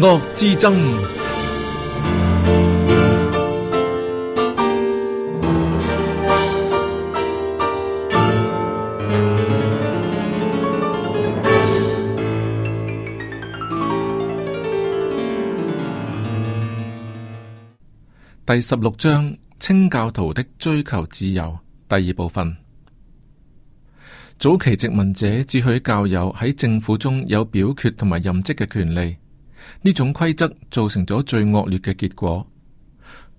惡之爭。第十六章：清教徒的追求自由。第二部分：早期殖民者只許教友喺政府中有表決同埋任職嘅權利。呢種規則造成咗最惡劣嘅結果。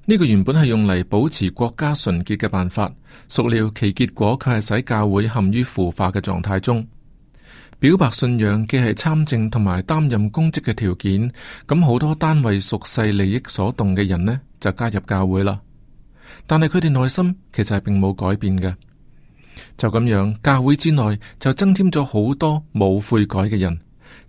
呢個原本係用嚟保持國家純潔嘅辦法，孰料其結果卻係使教會陷於腐化嘅狀態中。表白信仰既係參政同埋擔任公職嘅條件，咁好多單位屬世利益所動嘅人呢，就加入教會啦。但係佢哋內心其實係並冇改變嘅。就咁樣，教會之內就增添咗好多冇悔改嘅人。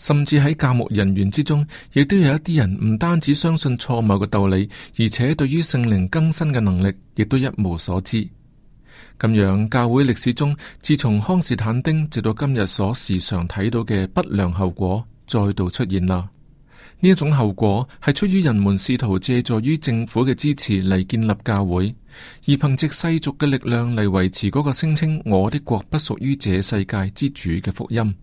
甚至喺教牧人員之中，亦都有一啲人唔單止相信錯誤嘅道理，而且對於聖靈更新嘅能力，亦都一無所知。咁樣教會歷史中，自從康斯坦丁直到今日所時常睇到嘅不良後果，再度出現啦。呢一種後果係出於人們試圖借助於政府嘅支持嚟建立教會，而憑借世俗嘅力量嚟維持嗰個聲稱我的國不屬於這世界之主嘅福音。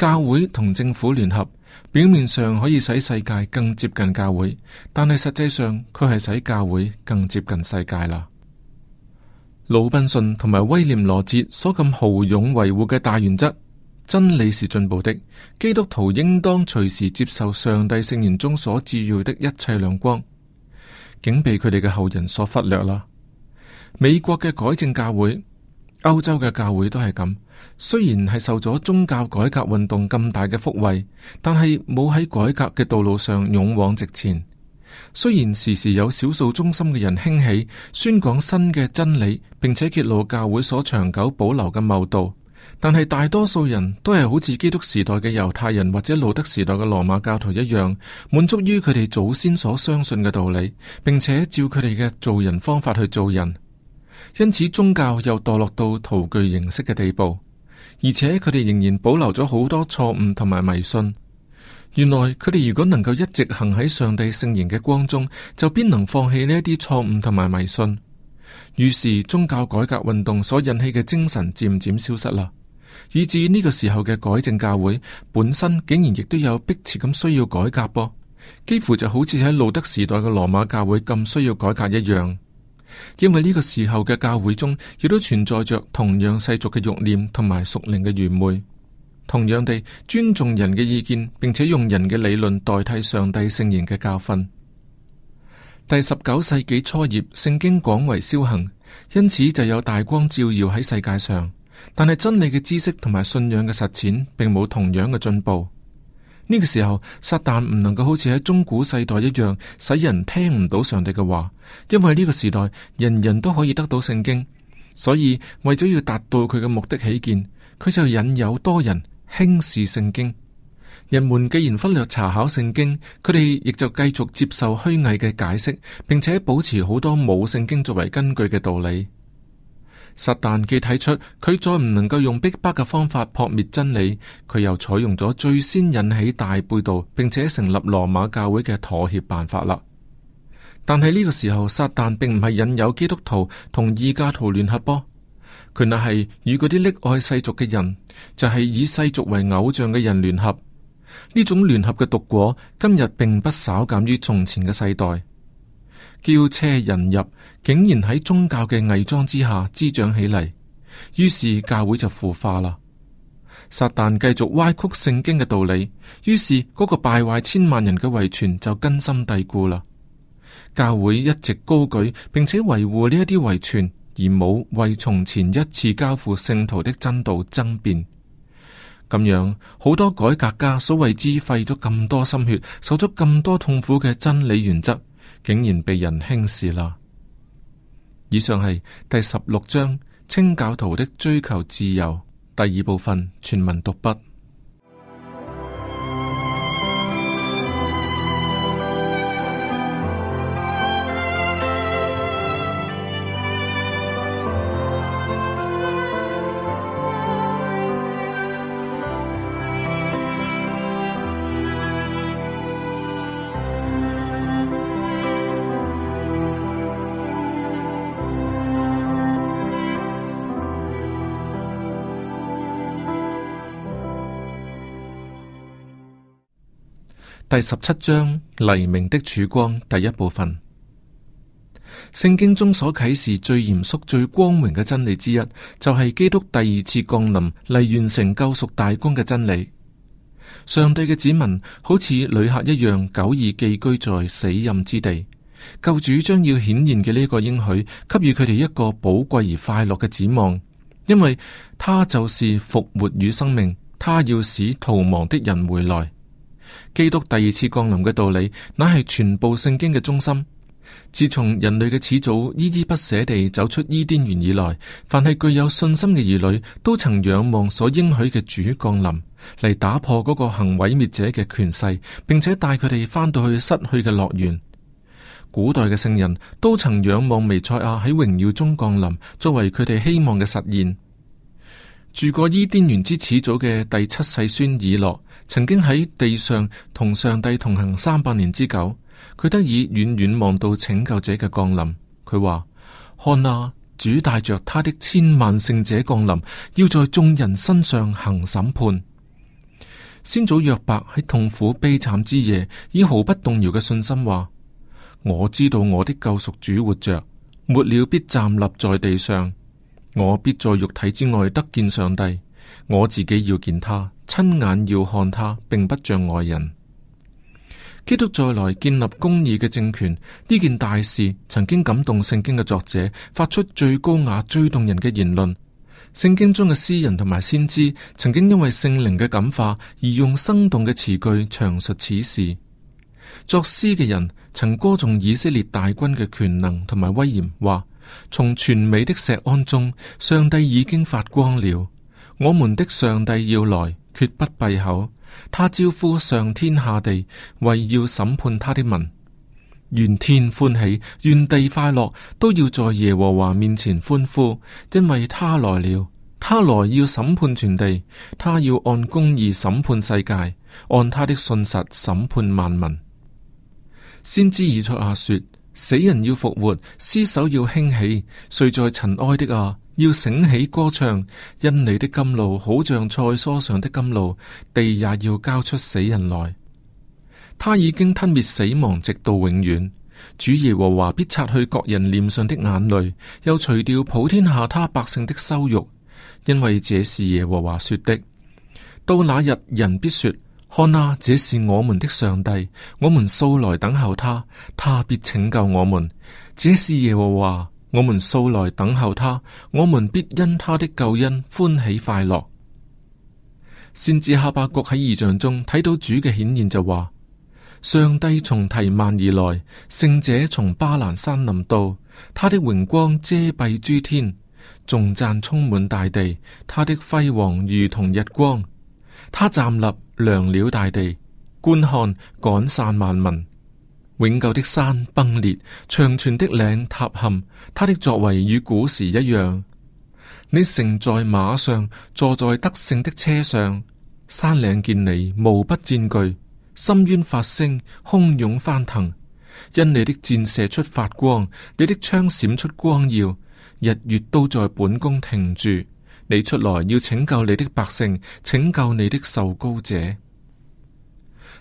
教會同政府聯合，表面上可以使世界更接近教會，但係實際上佢係使教會更接近世界啦。魯濱遜同埋威廉羅哲所咁豪勇維護嘅大原則，真理是進步的，基督徒應當隨時接受上帝聖言中所照耀的一切亮光，竟被佢哋嘅後人所忽略啦。美國嘅改正教會、歐洲嘅教會都係咁。雖然係受咗宗教改革運動咁大嘅福惠，但係冇喺改革嘅道路上勇往直前。雖然時時有少數忠心嘅人興起，宣講新嘅真理，並且揭露教會所長久保留嘅謬道，但係大多數人都係好似基督時代嘅猶太人或者路德時代嘅羅馬教徒一樣，滿足於佢哋祖先所相信嘅道理，並且照佢哋嘅做人方法去做人。因此，宗教又墮落到徒具形式嘅地步。而且佢哋仍然保留咗好多錯誤同埋迷信。原來佢哋如果能夠一直行喺上帝聖言嘅光中，就必能放棄呢一啲錯誤同埋迷信。於是宗教改革運動所引起嘅精神漸漸消失啦，以致呢個時候嘅改正教會本身竟然亦都有迫切咁需要改革噃，幾乎就好似喺路德時代嘅羅馬教會咁需要改革一樣。因為呢個時候嘅教會中，亦都存在着同樣世俗嘅慾念同埋屬靈嘅愚昧，同樣地尊重人嘅意見，並且用人嘅理論代替上帝聖言嘅教訓。第十九世紀初葉，聖經廣為消行，因此就有大光照耀喺世界上，但係真理嘅知識同埋信仰嘅實踐，並冇同樣嘅進步。呢個時候，撒旦唔能夠好似喺中古世代一樣，使人聽唔到上帝嘅話，因為呢個時代人人都可以得到聖經，所以為咗要達到佢嘅目的起見，佢就引誘多人輕視聖經。人們既然忽略查考聖經，佢哋亦就繼續接受虛偽嘅解釋，並且保持好多冇聖經作為根據嘅道理。撒旦既睇出佢再唔能夠用逼迫嘅方法撲滅真理，佢又採用咗最先引起大背道，並且成立羅馬教會嘅妥協辦法啦。但係呢個時候，撒旦並唔係引誘基督徒同異教徒聯合噃，佢那係與嗰啲溺愛世俗嘅人，就係、是、以世俗為偶像嘅人聯合。呢種聯合嘅毒果，今日並不少減於從前嘅世代。叫車人入，竟然喺宗教嘅偽裝之下滋長起嚟，於是教會就腐化啦。撒旦繼續歪曲聖經嘅道理，於是嗰個敗壞千萬人嘅遺傳就根深蒂固啦。教會一直高舉並且維護呢一啲遺傳，而冇為從前一次交付聖徒的真道爭辯。咁樣好多改革家所為之費咗咁多心血，受咗咁多痛苦嘅真理原則竟然被人輕視啦！以上係第十六章《清教徒的追求自由》第二部分全文讀畢。第十七章，黎明的曙光，第一部分，聖經中所啟示最嚴肅、最光榮嘅真理之一，就係、是、基督第二次降臨嚟，完成救贖大功嘅真理。上帝嘅子民好似旅客一樣，久已寄居在死蔭之地。救主將要顯現嘅呢個應許，給予佢哋一個寶貴而快樂嘅展望，因為他就是復活與生命，他要使逃亡的人回來。基督第二次降臨嘅道理，乃係全部聖經嘅中心。自從人類嘅始祖依依不捨地走出伊甸園以來，凡係具有信心嘅兒女，都曾仰望所應許嘅主降臨，嚟打破嗰個行毀滅者嘅權勢，並且帶佢哋翻到去失去嘅樂園。古代嘅聖人都曾仰望彌賽亞喺榮耀中降臨，作為佢哋希望嘅實現。住過伊甸園之始祖嘅第七世孫以諾，曾經喺地上同上帝同行三百年之久，佢得以遠遠望到拯救者嘅降臨。佢話：看啊，主帶着他的千萬聖者降臨，要在眾人身上行審判。先祖約伯喺痛苦悲慘之夜，以毫不動搖嘅信心話：我知道我的救贖主活着，末了必站立在地上。我必在肉體之外得見上帝，我自己要見他，親眼要看他，並不像外人。基督再來建立公義嘅政權呢件大事，曾經感動聖經嘅作者，發出最高雅、最動人嘅言論。聖經中嘅詩人同埋先知，曾經因為聖靈嘅感化，而用生動嘅詞句詳述此事。作詩嘅人曾歌頌以色列大軍嘅權能同埋威嚴，話。從全美的錫安中，上帝已經發光了。我們的上帝要來，決不閉口。他招呼上天下地，為要審判他的民。願天歡喜，願地快樂，都要在耶和華面前歡呼，因為他來了。他來要審判全地，他要按公義審判世界，按他的信實審判萬民。先知以賽亞說。死人要復活，屍首要興起，睡在塵埃的啊，要醒起歌唱。因你的甘露，好像菜蔬上的甘露，地也要交出死人來。他已經吞滅死亡，直到永遠。主耶和華必擦去各人臉上的眼淚，又除掉普天下他百姓的羞辱，因為這是耶和華說的。到那日，人必說。看啊，這是我們的上帝，我們素來等候他，他必拯救我們。這是耶和華，我們素來等候他，我們必因他的救恩歡喜快樂。先知哈巴谷喺異象中睇到主嘅顯現就話：上帝從提幔而來，聖者從巴蘭山臨到，他的榮光遮蔽諸天，頌讚充滿大地，他的輝煌如同日光，他站立。量了大地，觀看趕散萬民。永久的山崩裂，長存的嶺塌陷。他的作為與古時一樣。你乘在馬上，坐在得勝的車上。山嶺見你，無不戰兢；深淵發聲，洶湧翻騰。因你的箭射出發光，你的槍閃出光耀。日月都在本宮停住。你出來要拯救你的百姓，拯救你的受膏者。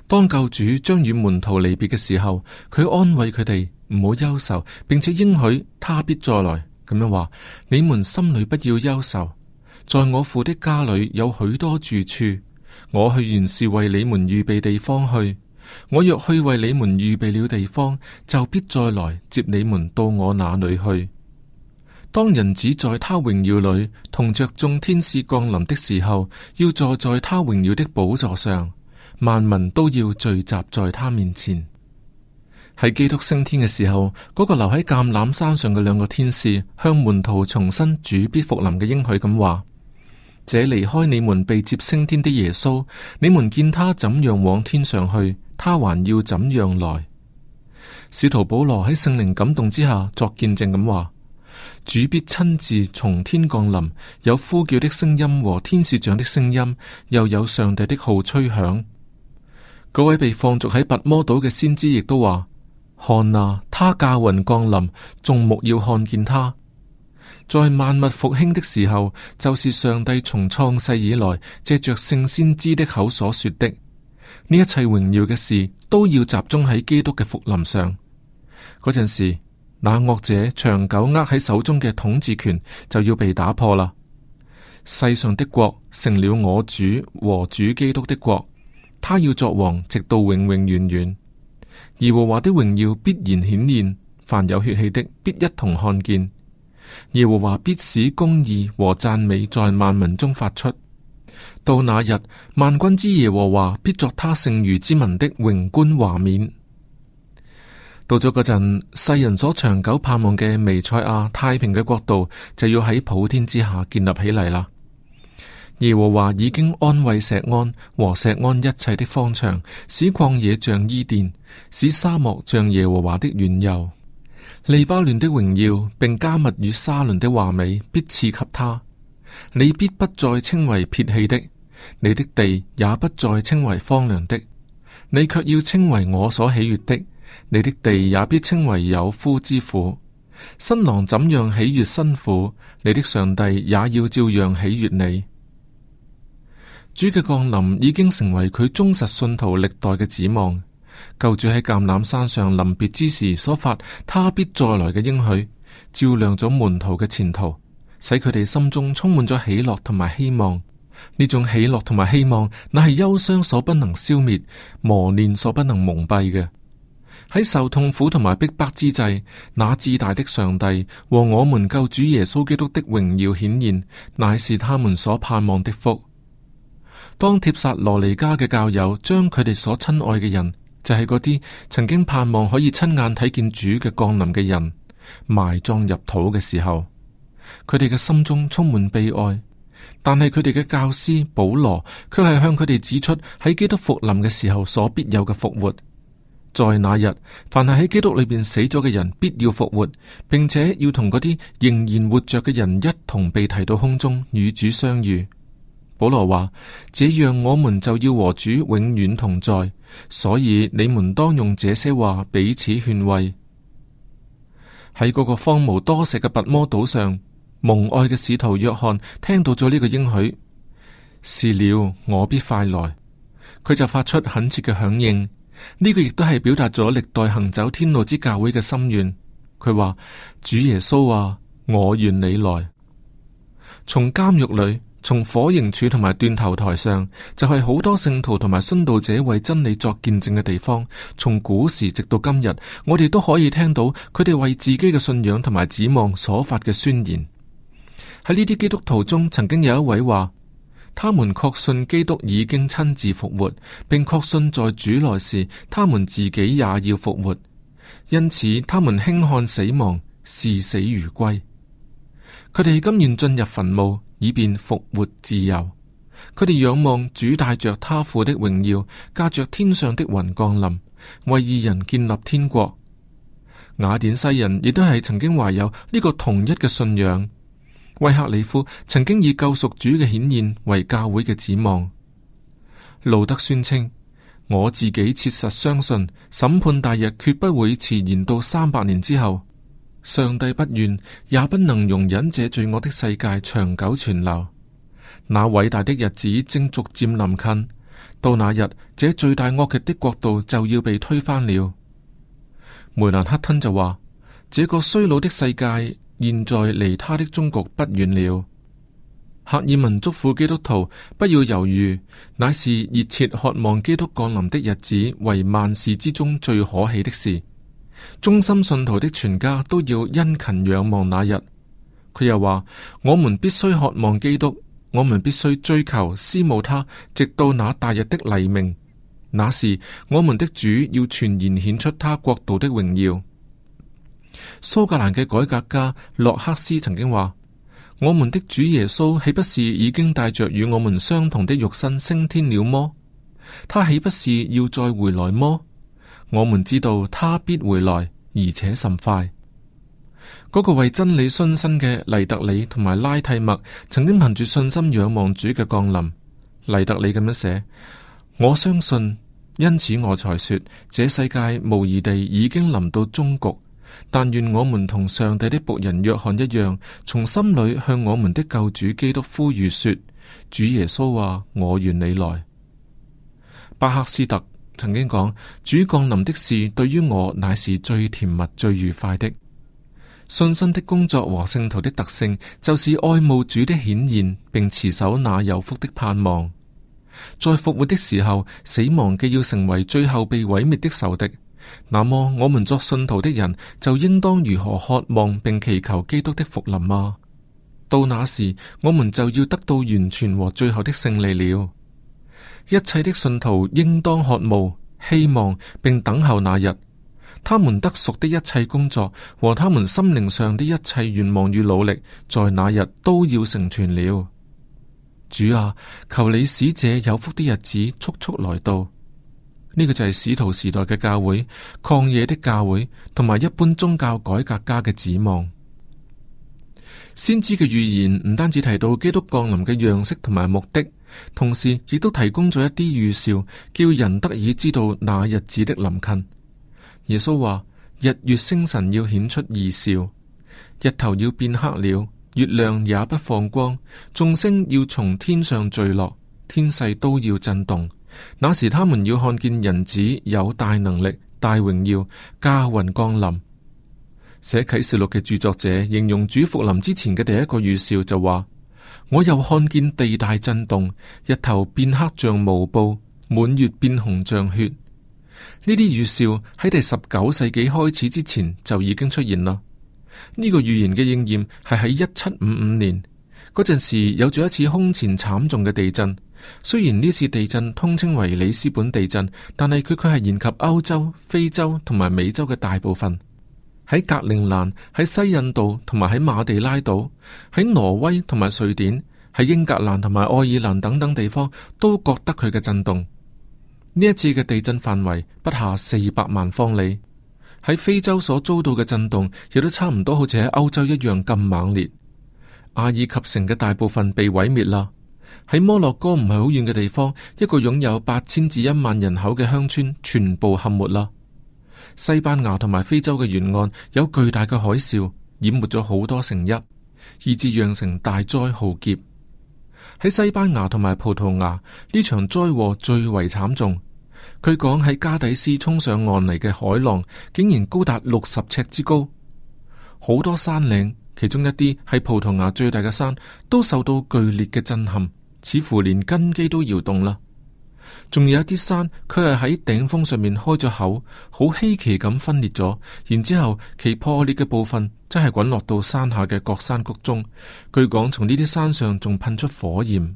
當救主將與門徒離別嘅時候，佢安慰佢哋唔好憂愁，並且應許他必再來。咁樣話，你們心裏不要憂愁，在我父的家裏有許多住處，我去原是為你們預備地方去。我若去為你們預備了地方，就必再來接你們到我那裏去。當人子在他榮耀裏同着眾天使降臨的時候，要坐在他榮耀的寶座上，萬民都要聚集在他面前。喺基督升天嘅時候，嗰、那個留喺橄欖山上嘅兩個天使向門徒重申主必復臨嘅應許，咁話：這離開你們被接升天的耶穌，你們見他怎樣往天上去，他還要怎樣來。使徒保羅喺聖靈感動之下作見證，咁話。主必親自從天降臨，有呼叫的聲音和天使長的聲音，又有上帝的號吹響。嗰位被放逐喺拔摩島嘅先知亦都話：看啊，他駕雲降臨，眾目要看見他。在萬物復興的時候，就是上帝從創世以來借着聖先知的口所說的。呢一切榮耀嘅事，都要集中喺基督嘅復臨上。嗰陣時。那惡者長久握喺手中嘅統治權就要被打破啦！世上的國成了我主和主基督的國，他要作王直到永永遠遠。耶和華的榮耀必然顯現，凡有血氣的必一同看見。耶和華必使公義和讚美在萬民中發出。到那日，萬軍之耶和華必作他剩餘之民的榮冠華冕。到咗嗰陣，世人所長久盼望嘅彌賽亞太平嘅國度就要喺普天之下建立起嚟啦。耶和華已經安慰錫安和錫安一切的荒場，使曠野像伊甸，使沙漠像耶和華的園囿。利巴嫩的榮耀併迦密與沙崙的華美必賜給他。你必不再稱為撇棄的，你的地也不再稱為荒涼的，你卻要稱為我所喜悅的。你的地也必稱為有夫之婦。新郎怎樣喜悅新婦，你的上帝也要照樣喜悅你。主嘅降臨已經成為佢忠實信徒歷代嘅指望。救主喺橄欖山上臨別之時所發，他必再來嘅應許，照亮咗門徒嘅前途，使佢哋心中充滿咗喜樂同埋希望。呢種喜樂同埋希望，乃係憂傷所不能消滅，磨練所不能蒙蔽嘅。喺受痛苦同埋逼迫之際，那至大的上帝和我們救主耶穌基督的榮耀顯現，乃是他們所盼望的福。當帖撒羅尼迦嘅教友將佢哋所親愛嘅人，就係嗰啲曾經盼望可以親眼睇見主嘅降臨嘅人，埋葬入土嘅時候，佢哋嘅心中充滿悲哀，但係佢哋嘅教師保羅卻係向佢哋指出喺基督復臨嘅時候所必有嘅復活。在那日，凡係喺基督裏邊死咗嘅人，必要復活，並且要同嗰啲仍然活着嘅人一同被提到空中與主相遇。保羅話：這樣我們就要和主永遠同在。所以你們當用這些話彼此勸慰。喺嗰個荒蕪多石嘅拔摩島上，蒙愛嘅使徒約翰聽到咗呢個應許，是了我必快來，佢就發出懇切嘅響應。呢個亦都係表達咗歷代行走天路之教會嘅心願。佢話：主耶穌話、啊，我願你來。從監獄裏，從火刑柱同埋斷頭台上，就係、是、好多聖徒同埋殉道者為真理作見證嘅地方。從古時直到今日，我哋都可以聽到佢哋為自己嘅信仰同埋指望所發嘅宣言。喺呢啲基督徒中，曾經有一位話。他們確信基督已經親自復活，並確信在主來時，他們自己也要復活。因此，他們輕看死亡，視死如歸。佢哋甘願進入墳墓，以便復活自由。佢哋仰望主帶着他父的榮耀，駕着天上的雲降臨，為二人建立天國。雅典西人亦都係曾經懷有呢個同一嘅信仰。威克里夫曾經以救贖主嘅顯現為教會嘅展望。路德宣稱：我自己切實相信審判大日決不會遲延到三百年之後。上帝不願也不能容忍這罪惡的世界長久存留。那偉大的日子正逐漸臨近，到那日，這最大惡極的國度就要被推翻了。梅蘭克吞就話：這個衰老的世界，現在離他的終局不遠了。赫爾文囑咐基督徒不要猶豫，乃是熱切渴望基督降臨的日子，為萬事之中最可喜的事。忠心信徒的全家都要殷勤仰望那日。佢又話：，我們必須渴望基督，我們必須追求思慕他，直到那大日的黎明。那時，我們的主要全然顯出他國度的榮耀。蘇格蘭嘅改革家洛克斯曾經話：，我們的主耶穌豈不是已經帶着與我們相同的肉身升天了麼？他豈不是要再回來麼？我們知道他必回來，而且甚快。嗰、那個為真理信心嘅黎特里同埋拉替麥曾經憑住信心仰望主嘅降臨。黎特里咁樣寫：，我相信，因此我才說，這世界無疑地已經臨到終局。但願我們同上帝的僕人約翰一樣，從心裏向我們的救主基督呼籲說：主耶穌話，我願你來。巴克斯特曾經講：主降臨的事對於我乃是最甜蜜、最愉快的。信心的工作和聖徒的特性，就是愛慕主的顯現，並持守那有福的盼望。在復活的時候，死亡既要成為最後被毀滅的仇敵。那麼我們作信徒的人就應當如何渴望並祈求基督的福臨嗎、啊？到那時，我們就要得到完全和最後的勝利了。一切的信徒應當渴慕、希望並等候那日，他們得贖的一切工作和他們心靈上的一切願望與努力，在那日都要成全了。主啊，求你使這有福的日子速速來到。呢個就係使徒時代嘅教會、曠野的教會同埋一般宗教改革家嘅指望。先知嘅預言唔單止提到基督降臨嘅樣式同埋目的，同時亦都提供咗一啲預兆，叫人得以知道那日子的臨近。耶穌話：日月星辰要顯出異兆，日頭要變黑了，月亮也不放光，眾星要從天上墜落，天勢都要震動。那時他們要看見人子有大能力、大榮耀、駕雲降臨。寫啟示錄嘅著作者形容主復臨之前嘅第一個預兆就話：我又看見地大震動，日頭變黑像毛布，滿月變紅像血。呢啲預兆喺第十九世紀開始之前就已經出現啦。呢個預言嘅應驗係喺一七五五年。嗰陣時有咗一次空前慘重嘅地震，雖然呢次地震通稱為里斯本地震，但係佢佢係延及歐洲、非洲同埋美洲嘅大部分。喺格陵蘭、喺西印度同埋喺馬地拉島、喺挪威同埋瑞典、喺英格蘭同埋愛爾蘭等等地方，都覺得佢嘅震動。呢一次嘅地震範圍不下四百萬方里，喺非洲所遭到嘅震動亦都差唔多，好似喺歐洲一樣咁猛烈。阿爾及城嘅大部分被毀滅啦，喺摩洛哥唔係好遠嘅地方，一個擁有八千至一萬人口嘅鄉村全部淹沒啦。西班牙同埋非洲嘅沿岸有巨大嘅海嘯，淹沒咗好多城邑，以致釀成大災浩劫。喺西班牙同埋葡萄牙呢場災禍最為慘重。佢講喺加底斯衝上岸嚟嘅海浪竟然高達六十尺之高，好多山嶺。其中一啲喺葡萄牙最大嘅山，都受到劇烈嘅震撼，似乎連根基都搖動啦。仲有一啲山，佢係喺頂峰上面開咗口，好稀奇咁分裂咗。然之後，其破裂嘅部分真係滾落到山下嘅各山谷中。據講，從呢啲山上仲噴出火焰。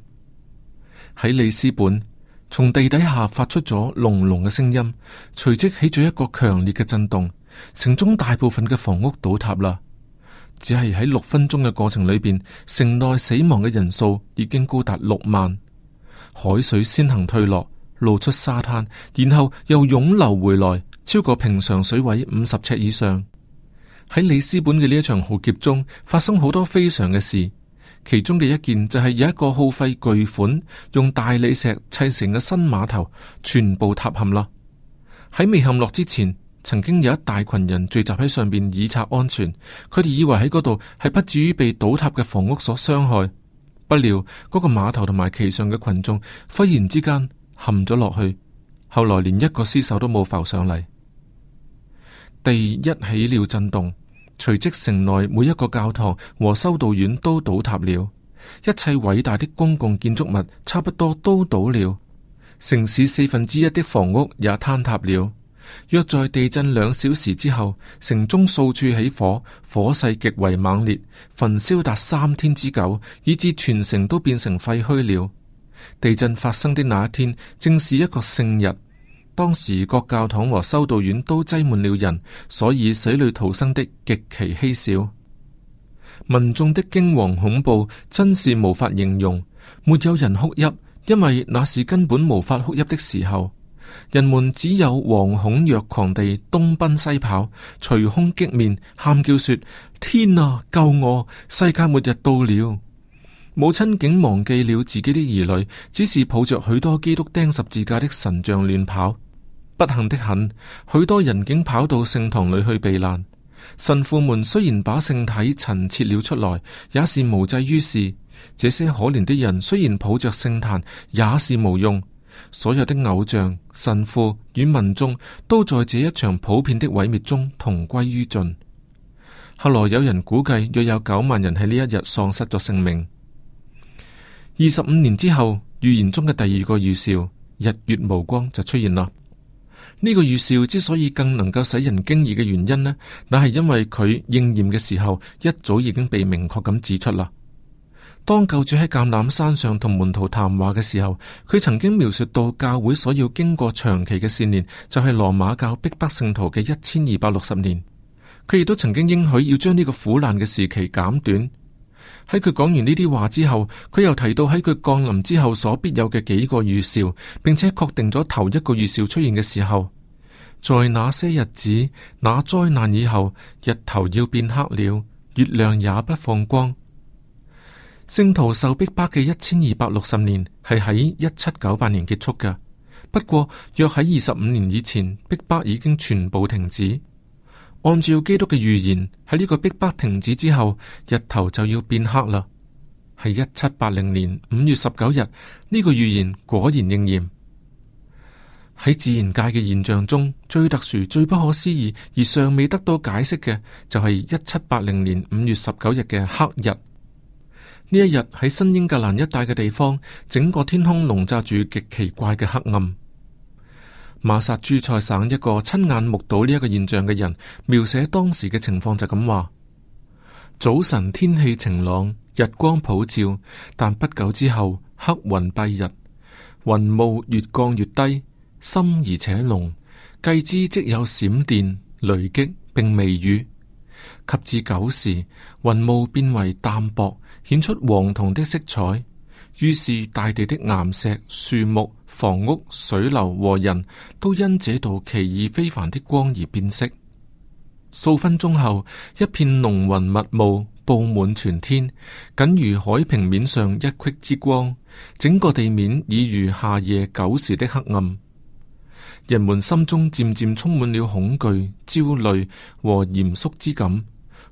喺里斯本，從地底下發出咗隆隆嘅聲音，隨即起咗一個強烈嘅震動，城中大部分嘅房屋倒塌啦。只係喺六分鐘嘅過程裏邊，城內死亡嘅人數已經高達六萬。海水先行退落，露出沙灘，然後又湧流回來，超過平常水位五十尺以上。喺里斯本嘅呢一場浩劫中，發生好多非常嘅事，其中嘅一件就係有一個耗費巨款、用大理石砌成嘅新碼頭，全部塌陷啦。喺未陷落之前，曾經有一大群人聚集喺上邊以策安全，佢哋以為喺嗰度係不至於被倒塌嘅房屋所傷害。不料嗰個碼頭同埋其上嘅群眾忽然之間陷咗落去，後來連一個屍首都冇浮上嚟。地一起了震動，隨即城內每一個教堂和修道院都倒塌了，一切偉大的公共建築物差不多都倒了，城市四分之一的房屋也坍塌了。約在地震兩小時之後，城中數處起火，火勢極為猛烈，焚燒達三天之久，以至全城都變成廢墟了。地震發生的那一天，正是一個聖日，當時各教堂和修道院都擠滿了人，所以死裏逃生的極其稀少。民眾的驚惶恐怖真是無法形容，沒有人哭泣，因為那是根本無法哭泣的時候。人們只有惶恐若狂地東奔西跑，捶胸擊面，喊叫說：天啊，救我！世界末日到了。母親竟忘記了自己的兒女，只是抱着許多基督釘十字架的神像亂跑。不幸得很，許多人竟跑到聖堂裏去避難。神父們雖然把聖體陳設了出來，也是無濟於事。這些可憐的人雖然抱着聖壇，也是無用。所有的偶像、神父與民眾都在這一場普遍的毀滅中同歸於盡。後來有人估計，約有九萬人喺呢一日喪失咗性命。二十五年之後，預言中嘅第二個預兆日月無光就出現啦。呢、這個預兆之所以更能夠使人驚異嘅原因呢，那係因為佢應驗嘅時候，一早已經被明確咁指出啦。當救主喺橄欖山上同門徒談話嘅時候，佢曾經描述到教會所要經過長期嘅試煉，就係、是、羅馬教逼迫聖徒嘅一千二百六十年。佢亦都曾經應許要將呢個苦難嘅時期減短。喺佢講完呢啲話之後，佢又提到喺佢降臨之後所必有嘅幾個預兆，並且確定咗頭一個預兆出現嘅時候，在那些日子，那災難以後，日頭要變黑了，月亮也不放光。聖徒受逼迫嘅一千二百六十年係喺一七九八年結束嘅。不過，約喺二十五年以前，逼迫已經全部停止。按照基督嘅預言，喺呢個逼迫停止之後，日頭就要變黑啦。係一七八零年五月十九日，呢、這個預言果然應驗。喺自然界嘅現象中，最特殊、最不可思議而尚未得到解釋嘅，就係一七八零年五月十九日嘅黑日。呢一日喺新英格蘭一帶嘅地方，整個天空籠罩住極奇怪嘅黑暗。馬薩諸塞省一個親眼目睹呢一個現象嘅人，描寫當時嘅情況就咁話：早晨天氣晴朗，日光普照，但不久之後黑雲蔽日，雲霧越降越低，深而且濃，繼之即有閃電雷擊，並微雨。及至九時，雲霧變為淡薄。顯出黃銅的色彩，於是大地的岩石、樹木、房屋、水流和人都因這道奇異非凡的光而變色。數分鐘後，一片濃雲密霧布滿全天，僅如海平面上一隙之光，整個地面已如夏夜九時的黑暗。人們心中漸漸充滿了恐懼、焦慮和嚴肅之感。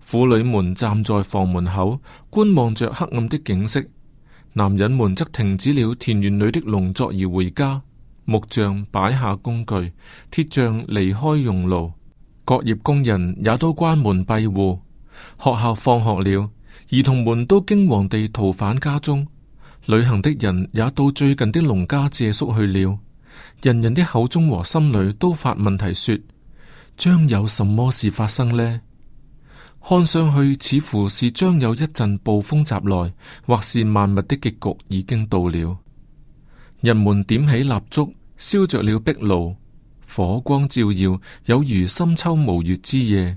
婦女們站在房門口，觀望着黑暗的景色，男人們則停止了田園裏的農作而回家。木匠擺下工具，鐵匠離開熔爐，各業工人也都關門閉戶。學校放學了，兒童們都驚惶地逃返家中。旅行的人也到最近的農家借宿去了。人人的口中和心裏都發問題，說：將有什麼事發生呢？看上去似乎是將有一陣暴風襲來，或是萬物的結局已經到了。人們點起蠟燭，燒着了壁爐，火光照耀，有如深秋無月之夜。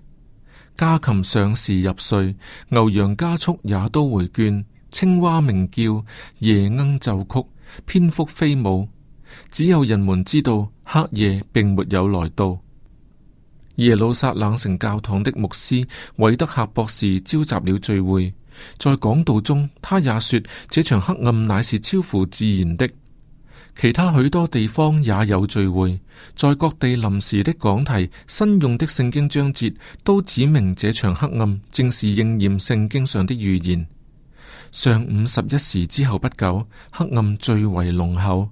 家禽上時入睡，牛羊加速也都回倦，青蛙鳴叫，夜鶯奏曲，蝙蝠飛舞。只有人們知道黑夜並沒有來到。耶路撒冷城教堂的牧師韋德克博士召集了聚會，在講道中，他也說這場黑暗乃是超乎自然的。其他許多地方也有聚會，在各地臨時的講題、新用的聖經章節，都指明這場黑暗正是應驗聖經上的預言。上午十一時之後不久，黑暗最為濃厚。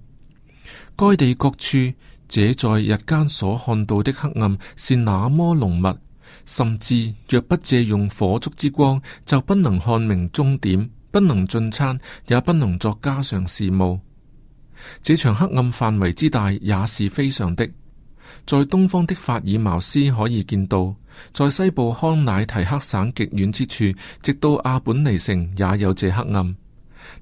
該地各處。這在日間所看到的黑暗是那麼濃密，甚至若不借用火燭之光，就不能看明鐘點，不能進餐，也不能作家常事務。這場黑暗範圍之大也是非常的，在東方的法爾茅斯可以見到，在西部康乃提克省極遠之處，直到阿本尼城也有這黑暗。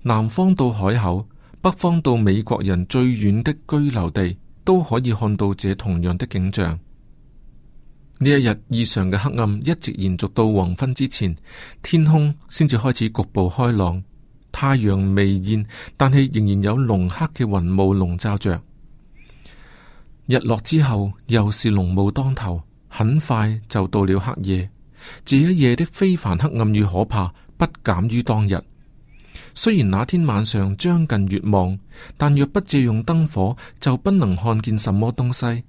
南方到海口，北方到美國人最遠的居留地。都可以看到這同樣的景象。呢一日異常嘅黑暗一直延續到黃昏之前，天空先至開始局部開朗，太陽未現，但係仍然有濃黑嘅雲霧籠罩着。日落之後又是濃霧當頭，很快就到了黑夜。這一夜的非凡黑暗與可怕，不減於當日。雖然那天晚上將近月望，但若不借用燈火，就不能看見什麼東西。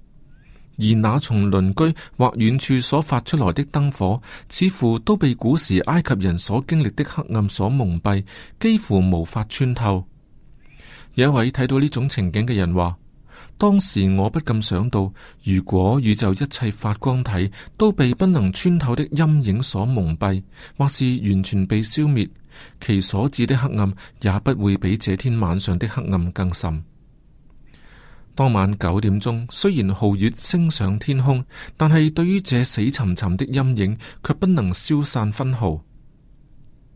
而那從鄰居或遠處所發出來的燈火，似乎都被古時埃及人所經歷的黑暗所蒙蔽，幾乎無法穿透。有一位睇到呢種情景嘅人話：當時我不禁想到，如果宇宙一切發光體都被不能穿透的陰影所蒙蔽，或是完全被消滅。其所指的黑暗，也不會比這天晚上的黑暗更深。當晚九點鐘，雖然皓月升上天空，但係對於這死沉沉的陰影，卻不能消散分毫。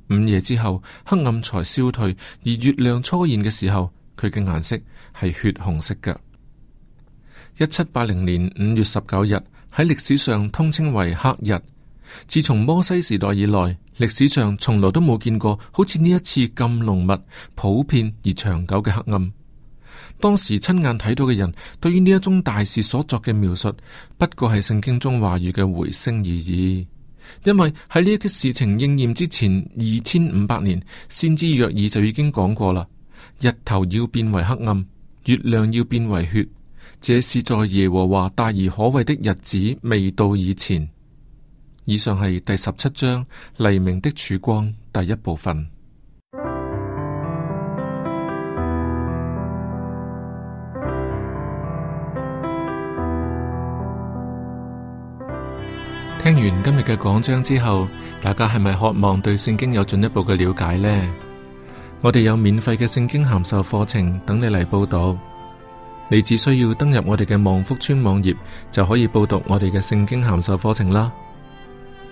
午夜之後，黑暗才消退，而月亮初現嘅時候，佢嘅顏色係血紅色嘅。一七八零年五月十九日，喺歷史上通稱為黑日。自從摩西時代以來。歷史上從來都冇見過好似呢一次咁濃密、普遍而長久嘅黑暗。當時親眼睇到嘅人，對於呢一宗大事所作嘅描述，不過係聖經中話語嘅回聲而已。因為喺呢一啲事情應驗之前二千五百年，先知約珥就已經講過啦：日頭要變為黑暗，月亮要變為血。這是在耶和華大而可畏的日子未到以前。以上係第十七章《黎明的曙光》第一部分。聽完今日嘅講章之後，大家係咪渴望對聖經有進一步嘅了解呢？我哋有免費嘅聖經函授課程等你嚟報讀。你只需要登入我哋嘅望福村網頁，就可以報讀我哋嘅聖經函授課程啦。